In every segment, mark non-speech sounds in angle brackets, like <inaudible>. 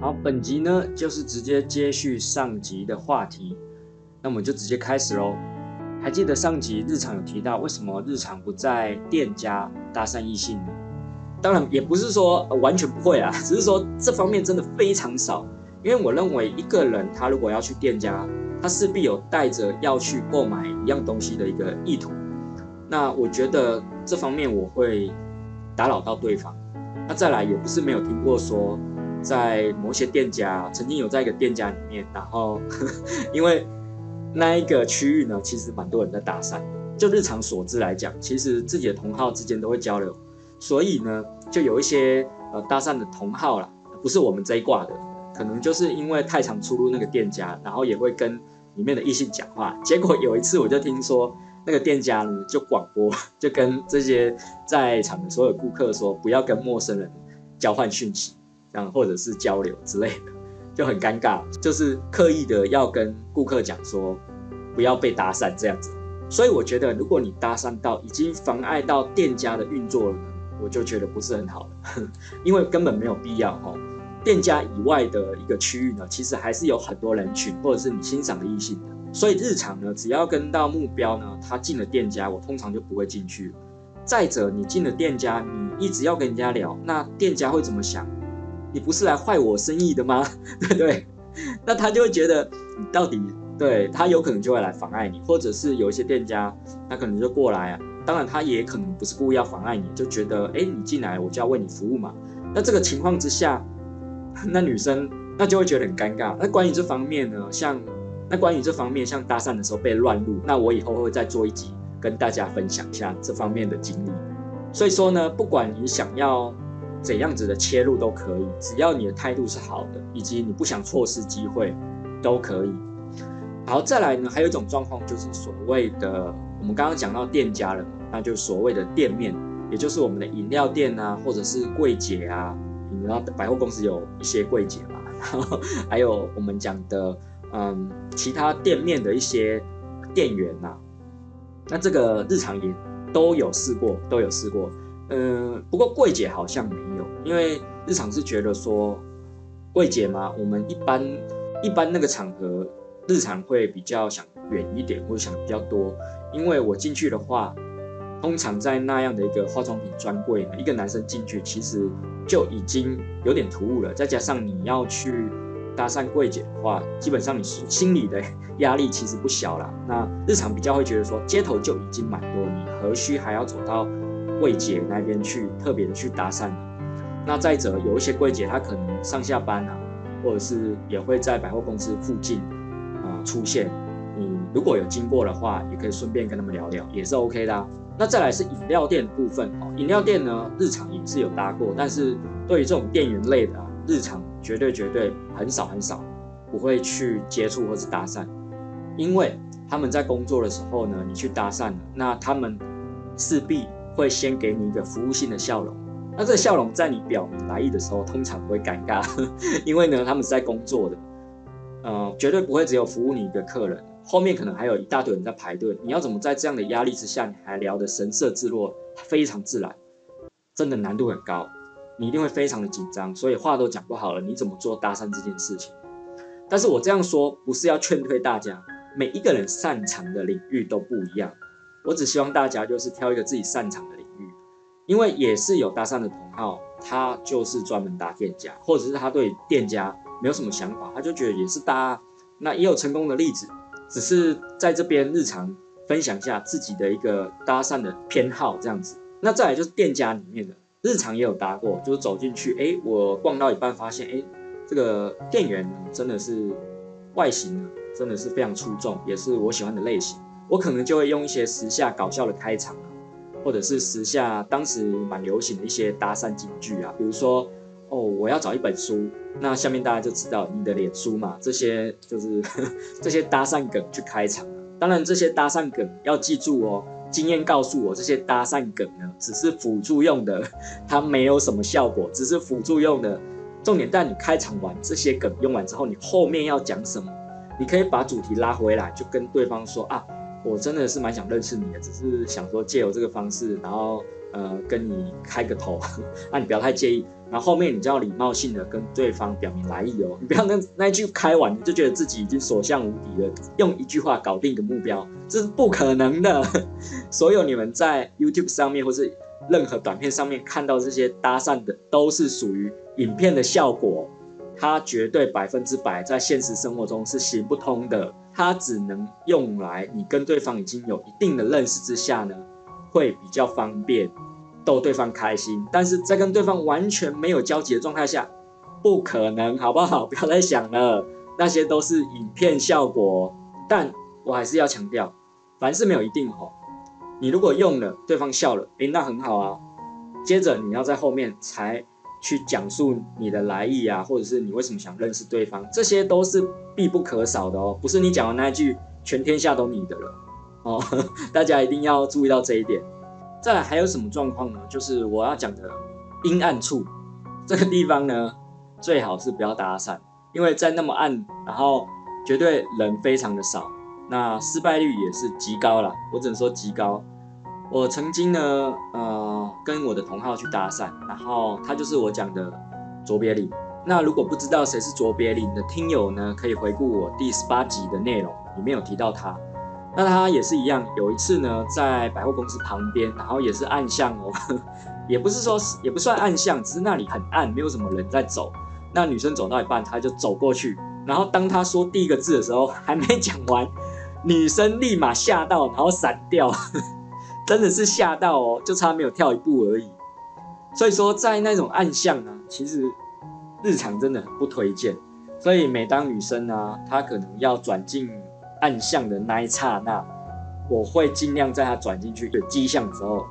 好，本集呢就是直接接續上集的話題，那我們就直接開始嘍。還記得上集日常有提到為什麼日常不在店家搭訕異性呢？當然也不是說，呃，完全不會啊，只是說這方面真的非常少。因為我認為一個人他如果要去店家。他勢必有帶着要去購買一樣東西的一個意圖，那我覺得這方面我會打擾到對方。那再來也不是沒有聽過說，在某些店家曾經有在一個店家裡面，然後呵呵因為那一個區域呢，其實蠻多人在搭訕。就日常所知來講，其實自己的同好之間都會交流，所以呢，就有一些呃搭訕的同好啦，不是我們這一掛的，可能就是因為太常出入那個店家，然後也會跟。裡面的異性講話，結果有一次我就聽說那個店家呢就廣播，就跟這些在場的所有顧客說，不要跟陌生人交換訊息，這樣或者是交流之類的，就很尷尬，就是刻意的要跟顧客講說，不要被搭訕這樣子。所以我覺得，如果你搭訕到已經妨礙到店家的運作了呢，我就覺得不是很好了，因為根本沒有必要哦。店家以外的一個區域呢，其實還是有很多人群，或者是你欣賞的異性的。所以日常呢，只要跟到目標呢，他進了店家，我通常就不會進去。再者，你進了店家，你一直要跟人家聊，那店家會怎麼想？你不是來壞我生意的嗎？對不對？那他就會覺得你到底對他，有可能就會來妨礙你，或者是有一些店家，他可能就過來啊。當然，他也可能不是故意要妨礙你，就覺得哎，你進來我就要為你服務嘛。那這個情況之下。那女生那就會覺得很尷尬。那關於這方面呢，像那關於這方面，像搭訕的時候被亂入，那我以後會再做一集跟大家分享一下這方面的經歷。所以說呢，不管你想要怎樣子的切入都可以，只要你的態度是好的，以及你不想錯失機會，都可以。好，再來呢，還有一種狀況就是所謂的我們剛剛講到店家了，那就所謂的店面，也就是我們的飲料店啊，或者是櫃姐啊。然後百貨公司有一些櫃姐嘛，然後還有我們講的，嗯，其他店面的一些店員吶，啊。那這個日常也都有試過，都有試過。嗯，不過櫃姐好像沒有，因為日常是覺得說櫃姐嘛，我們一般一般那個場合，日常會比較想遠一點，或者想比較多。因為我進去的話，通常在那樣的一個化妝品專櫃，一個男生進去其實。就已經有點突兀了，再加上你要去搭訕櫃姐的話，基本上你心裡的壓力其實不小啦。那日常比較會覺得說街頭就已經蠻多，你何須還要走到櫃姐那邊去特別的去搭訕呢？那再者，有一些櫃姐她可能上下班啊，或者是也會在百貨公司附近啊，呃，出現，你如果有經過的話，也可以順便跟他們聊聊，也是 OK 的啊。那再來是飲料店的部分哦，飲料店呢，日常也是有搭過，但是對於這種店員類的啊，日常絕對絕對很少很少，不會去接觸或是搭訕，因為他們在工作的時候呢，你去搭訕了，那他們勢必會先給你一個服務性的笑容，那這個笑容在你表明來意的時候，通常不會尷尬，呵呵，因為呢，他們是在工作的，嗯、呃，絕對不會只有服務你一個客人。後面可能還有一大堆人在排隊，你要怎麼在這樣的壓力之下，你還聊得神色自若，非常自然，真的難度很高，你一定會非常的緊張，所以話都講不好了，你怎麼做搭訕這件事情？但是我這樣說不是要勸退大家，每一個人擅長的領域都不一樣，我只希望大家就是挑一個自己擅長的領域，因為也是有搭訕的同好，他就是專門搭店家，或者是他對店家沒有什麼想法，他就覺得也是搭，那也有成功的例子。只是在這邊日常分享一下自己的一個搭訕的偏好這樣子，那再來就是店家裡面的日常也有搭過，就是走進去，哎、欸，我逛到一半發現，哎、欸，這個店員真的是外形呢、啊，真的是非常出眾，也是我喜歡的類型。我可能就會用一些時下搞笑的開場啊，或者是時下當時蠻流行的一些搭訕金句啊，比如說。哦，我要找一本書。那下面大家就知道你的臉書嘛，這些就是這些搭訕梗去開場了。當然，這些搭訕梗要記住哦。經驗告訴我，這些搭訕梗呢，只是輔助用的，它沒有什麼效果，只是輔助用的。重點在你開場完這些梗用完之後，你後面要講什麼？你可以把主題拉回來，就跟對方說啊，我真的是蠻想認識你的，只是想說借由這個方式，然後。呃，跟你開個頭，那你不要太介意。然後後面你就要禮貌性的跟對方表明來意哦。你不要那那一句開完，你就覺得自己已經所向無敵了，用一句話搞定一個目標，這是不可能的。所有你們在 YouTube 上面或是任何短片上面看到這些搭訕的，都是屬於影片的效果，它絕對百分之百在現實生活中是行不通的。它只能用來你跟對方已經有一定的認識之下呢。會比較方便逗對方開心，但是在跟對方完全沒有交集的狀態下，不可能，好不好？不要再想了，那些都是影片效果哦。但我還是要強調，凡事沒有一定哦。你如果用了，對方笑了，誒，那很好啊。接着你要在後面才去講述你的來意啊，或者是你為什麼想認識對方，這些都是必不可少的哦。不是你講的那一句全天下都你的了。哦，大家一定要注意到這一點。再來還有什麼狀況呢？就是我要講的陰暗處這個地方呢，最好是不要搭訕，因為在那麼暗，然後絕對人非常的少，那失敗率也是極高啦。我只能說極高。我曾經呢，呃，跟我的同好去搭訕，然後他就是我講的卓別林。那如果不知道誰是卓別林的聽友呢，可以回顧我第十八集的內容，裡面有提到他。那他也是一樣，有一次呢，在百貨公司旁邊，然後也是暗巷哦，也不是說，也不算暗巷，只是那裡很暗，沒有什麼人在走。那女生走到一半，他就走過去，然後當他說第一個字的時候，還沒講完，女生立馬嚇到，然後閃掉，真的是嚇到哦，就差沒有跳一步而已。所以說，在那種暗巷啊，其實日常真的很不推薦。所以每當女生啊，她可能要轉進。暗巷的那一剎那，我會盡量在他轉進去有跡象之後，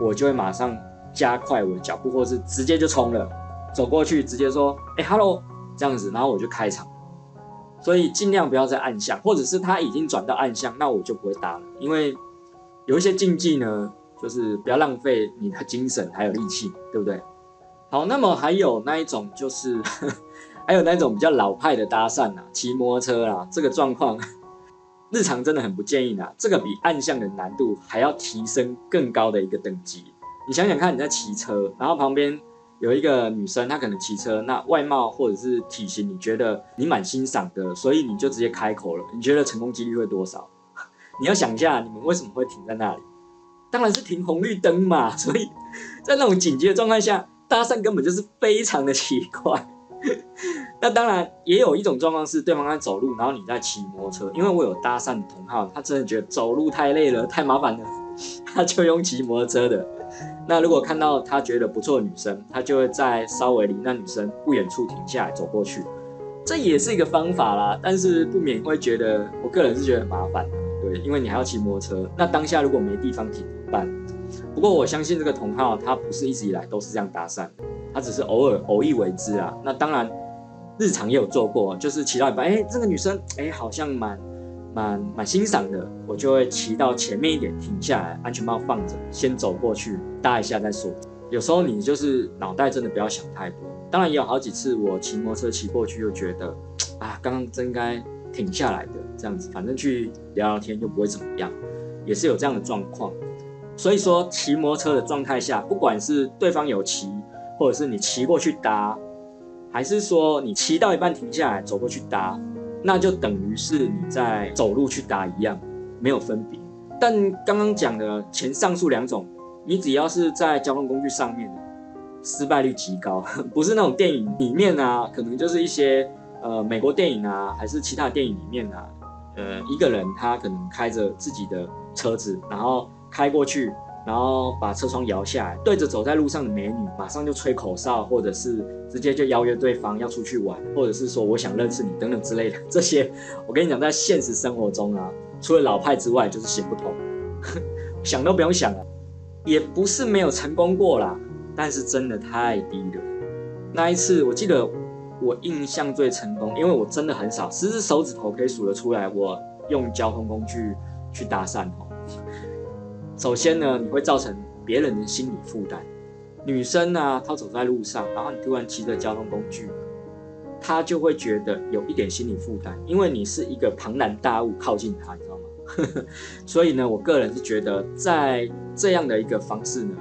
我就會馬上加快我的腳步，或是直接就衝了走過去，直接說：“哎，hello！” 這樣子，然後我就開場。所以盡量不要再暗巷，或者是他已經轉到暗巷，那我就不會搭了，因為有一些禁忌呢，就是不要浪費你的精神還有力氣，對不對？好，那麼還有那一種就是，還有那一種比較老派的搭訕啊，騎摩托車啊，這個狀況。日常真的很不建議吶、啊，這個比暗巷的難度還要提升更高的一個等級。你想想看，你在騎車，然後旁邊有一個女生，她可能騎車，那外貌或者是體型，你覺得你蠻欣賞的，所以你就直接開口了。你覺得成功幾率會多少？你要想一下，你們為什麼會停在那裡？當然是停紅綠燈嘛。所以在那種緊急的狀態下，搭訕根本就是非常的奇怪。那當然，也有一種狀況是對方在走路，然後你在騎摩托車。因為我有搭訕的同好，他真的覺得走路太累了、太麻煩了，他就用騎摩托車的。那如果看到他覺得不錯的女生，他就會在稍微離那女生不遠處停下來走過去，這也是一個方法啦。但是不免會覺得，我個人是覺得很麻煩啊，對，因為你還要騎摩托車。那當下如果沒地方停怎麼辦？不過我相信這個同好他不是一直以來都是這樣搭訕，他只是偶爾偶一為之啊。那當然。日常也有做過，就是騎到一半，哎、欸，這個女生，哎、欸，好像蠻，蠻，蠻欣賞的，我就會騎到前面一點停下來，安全帽放着，先走過去搭一下再說。有時候你就是腦袋真的不要想太多，當然也有好幾次我騎摩托車騎過去又覺得，啊，剛剛真該停下來的這樣子，反正去聊聊天又不會怎麼樣，也是有這樣的狀況。所以說騎摩托車的狀態下，不管是對方有騎，或者是你騎過去搭。還是說你騎到一半停下來走過去搭，那就等於是你在走路去搭一樣，沒有分別。但剛剛講的前上述兩種，你只要是在交通工具上面，失敗率極高，不是那種電影裡面啊，可能就是一些呃美國電影啊，還是其他電影裡面啊，呃一個人他可能開着自己的車子，然後開過去。然後把車窗搖下來，對着走在路上的美女，馬上就吹口哨，或者是直接就邀約對方要出去玩，或者是說我想認識你等等之類的。這些我跟你講，在現實生活中啊，除了老派之外，就是行不通， <laughs> 想都不用想了。也不是沒有成功過啦，但是真的太低了。那一次我記得我印象最成功，因為我真的很少，十隻手指頭可以數得出來，我用交通工具去搭訕。首先呢，你會造成別人的心理負擔。女生呢、啊，她走在路上，然、啊、後你突然騎着交通工具，她就會覺得有一點心理負擔，因為你是一個龐然大物靠近她，你知道嗎？ <laughs> 所以呢，我個人是覺得在這樣的一個方式呢，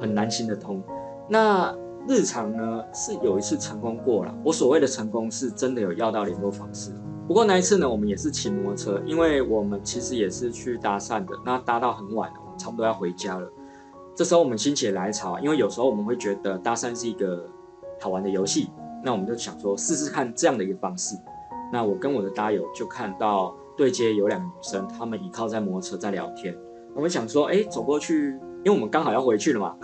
很難行得通。那日常呢是有一次成功過了，我所謂的成功是真的有要到聯絡方式。不過那一次呢，我們也是騎摩托車，因為我們其實也是去搭訕的，那搭到很晚哦。差不多要回家了，這時候我們心血來潮啊，因為有時候我們會覺得搭訕是一個好玩的遊戲，那我們就想說試試看這樣的一個方式。那我跟我的搭友就看到對街有兩個女生，她們倚靠在摩托車在聊天。我們想說，哎，走過去，因為我們剛好要回去了嘛，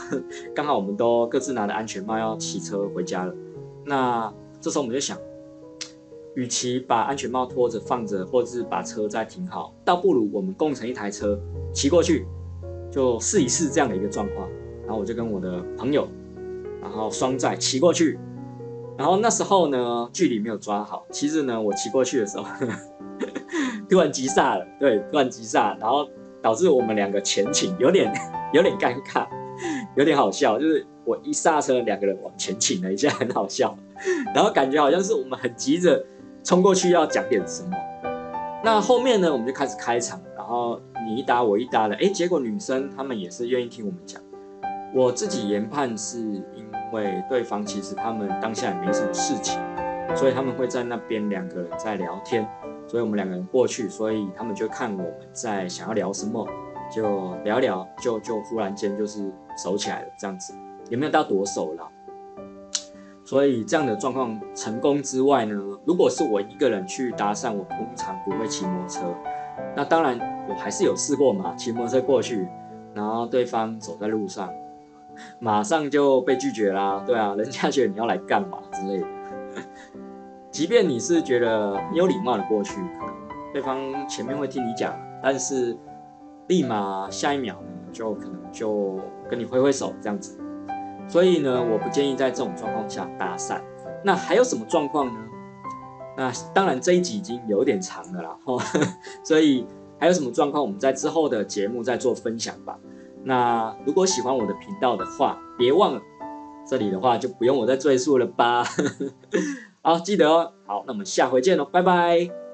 剛好我們都各自拿着安全帽要騎車回家了。那這時候我們就想，與其把安全帽拖着放着，或者是把車再停好，倒不如我們共乘一台車騎過去。就試一試這樣的一個狀況，然後我就跟我的朋友，然後雙載騎過去，然後那時候呢，距離沒有抓好，其實呢，我騎過去的時候，呵呵突然急剎了，對，突然急剎，然後導致我們兩個前傾，有點有點尷尬，有點好笑，就是我一剎車，兩個人往前傾了一下，很好笑，然後感覺好像是我們很急着衝過去要講點什麼，那後面呢，我們就開始開場，然後。你一搭我一搭的，誒，結果女生她們也是願意聽我們講。我自己研判是因為對方其實他們當下也沒什麼事情，所以他們會在那邊兩個人在聊天，所以我們兩個人過去，所以他們就看我們在想要聊什麼，就聊聊，就就忽然間就是熟起來了這樣子，有沒有到多熟了？所以這樣的狀況成功之外呢，如果是我一個人去搭訕，我通常不會騎摩托車。那當然，我還是有試過嘛，騎摩托車過去，然後對方走在路上，馬上就被拒絕啦。對啊，人家覺得你要來幹嘛之類的。 <laughs> 即便你是覺得有禮貌的過去，可能對方前面會聽你講，但是立馬下一秒呢，就可能就跟你揮揮手這樣子。所以呢，我不建議在這種狀況下搭訕。那還有什麼狀況呢？那當然，這一集已經有點長了啦，呵呵，所以還有什麼狀況，我們在之後的節目再做分享吧。那如果喜歡我的頻道的話，別忘了這裡的話就不用我再贅述了吧。呵呵。好，記得哦。好，那我們下回見咯，拜拜。